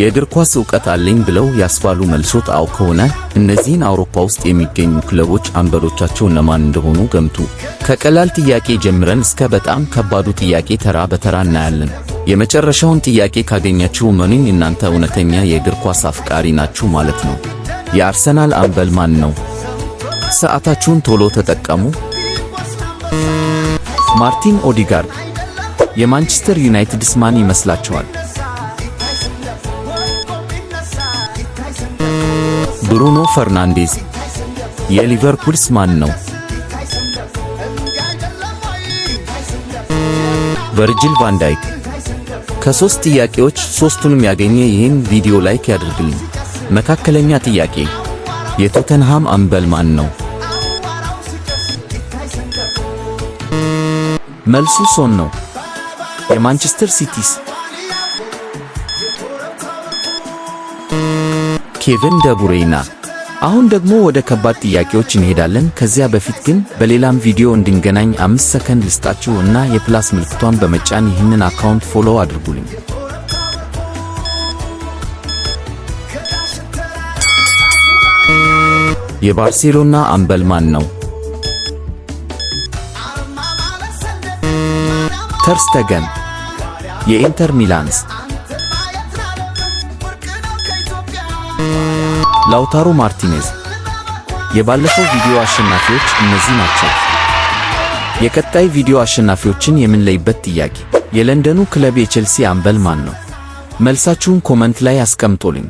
የእግር ኳስ እውቀት አለኝ ብለው ያስባሉ? መልሶት አው ከሆነ እነዚህን አውሮፓ ውስጥ የሚገኙ ክለቦች አንበሎቻቸው እነማን እንደሆኑ ገምቱ። ከቀላል ጥያቄ ጀምረን እስከ በጣም ከባዱ ጥያቄ ተራ በተራ እናያለን። የመጨረሻውን ጥያቄ ካገኛችሁ መኑኝ እናንተ እውነተኛ የእግር ኳስ አፍቃሪ ናችሁ ማለት ነው። የአርሰናል አምበል ማን ነው? ሰዓታችሁን ቶሎ ተጠቀሙ። ማርቲን ኦዲጋርድ። የማንቸስተር ዩናይትድስ ማን ይመስላችኋል? ብሩኖ ፈርናንዴዝ የሊቨርፑልስ ማን ነው? ቨርጂል ቫን ከሶስት ጥያቄዎች ሶስቱንም ያገኘ ይህን ቪዲዮ ላይክ ያድርግልኝ። መካከለኛ ጥያቄ የቶተንሃም አምበል ማን ነው? መልሱ ሶን ነው። የማንቸስተር ሲቲስ ኬቨን ደቡሬይና አሁን ደግሞ ወደ ከባድ ጥያቄዎች እንሄዳለን። ከዚያ በፊት ግን በሌላም ቪዲዮ እንድንገናኝ አምስት ሰከንድ ልስጣችሁ እና የፕላስ ምልክቷን በመጫን ይህንን አካውንት ፎሎ አድርጉልኝ። የባርሴሎና አምበል ማን ነው? ተርስተገን። የኢንተር ሚላንስ ላውታሮ ማርቲኔዝ የባለፈው ቪዲዮ አሸናፊዎች እነዚህ ናቸው። የቀጣይ ቪዲዮ አሸናፊዎችን የምንለይበት ጥያቄ የለንደኑ ክለብ የቼልሲ አምበል ማን ነው? መልሳችሁን ኮመንት ላይ አስቀምጦልኝ።